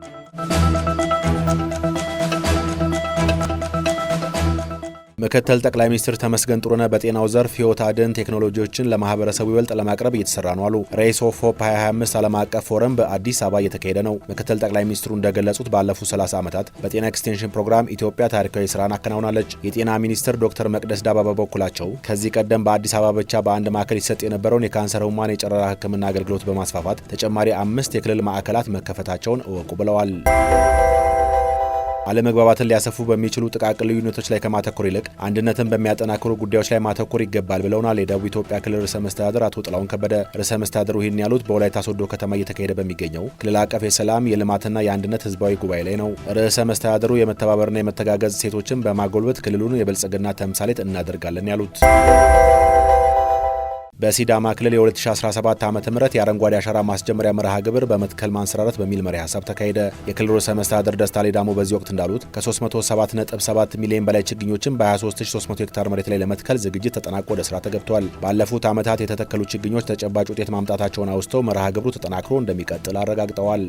you. ምክትል ጠቅላይ ሚኒስትር ተመስገን ጥሩነ በጤናው ዘርፍ ህይወት አድን ቴክኖሎጂዎችን ለማህበረሰቡ ይበልጥ ለማቅረብ እየተሰራ ነው አሉ። ሬስ ኦፍ ሆፕ 2025 ዓለም አቀፍ ፎረም በአዲስ አበባ እየተካሄደ ነው። ምክትል ጠቅላይ ሚኒስትሩ እንደገለጹት ባለፉት 30 ዓመታት በጤና ኤክስቴንሽን ፕሮግራም ኢትዮጵያ ታሪካዊ ስራን አከናውናለች። የጤና ሚኒስትር ዶክተር መቅደስ ዳባ በበኩላቸው ከዚህ ቀደም በአዲስ አበባ ብቻ በአንድ ማዕከል ይሰጥ የነበረውን የካንሰር ህሙማን የጨረራ ህክምና አገልግሎት በማስፋፋት ተጨማሪ አምስት የክልል ማዕከላት መከፈታቸውን እወቁ ብለዋል። አለመግባባትን ሊያሰፉ በሚችሉ ጥቃቅን ልዩነቶች ላይ ከማተኮር ይልቅ አንድነትን በሚያጠናክሩ ጉዳዮች ላይ ማተኮር ይገባል ብለውናል የደቡብ ኢትዮጵያ ክልል ርዕሰ መስተዳድር አቶ ጥላሁን ከበደ። ርዕሰ መስተዳድሩ ይህን ያሉት በወላይታ ሶዶ ከተማ እየተካሄደ በሚገኘው ክልል አቀፍ የሰላም የልማትና የአንድነት ህዝባዊ ጉባኤ ላይ ነው። ርዕሰ መስተዳድሩ የመተባበርና የመተጋገዝ ሴቶችን በማጎልበት ክልሉን የብልጽግና ተምሳሌት እናደርጋለን ያሉት በሲዳማ ክልል የ2017 ዓ ም የአረንጓዴ አሻራ ማስጀመሪያ መርሃ ግብር በመትከል ማንሰራረት በሚል መሪ ሀሳብ ተካሄደ። የክልሉ ርዕሰ መስተዳድር ደስታ ሌዳሞ በዚህ ወቅት እንዳሉት ከ 377 ሚሊዮን በላይ ችግኞችን በ 23300 ሄክታር መሬት ላይ ለመትከል ዝግጅት ተጠናቆ ወደ ስራ ተገብቷል። ባለፉት ዓመታት የተተከሉ ችግኞች ተጨባጭ ውጤት ማምጣታቸውን አውስተው መርሃ ግብሩ ተጠናክሮ እንደሚቀጥል አረጋግጠዋል።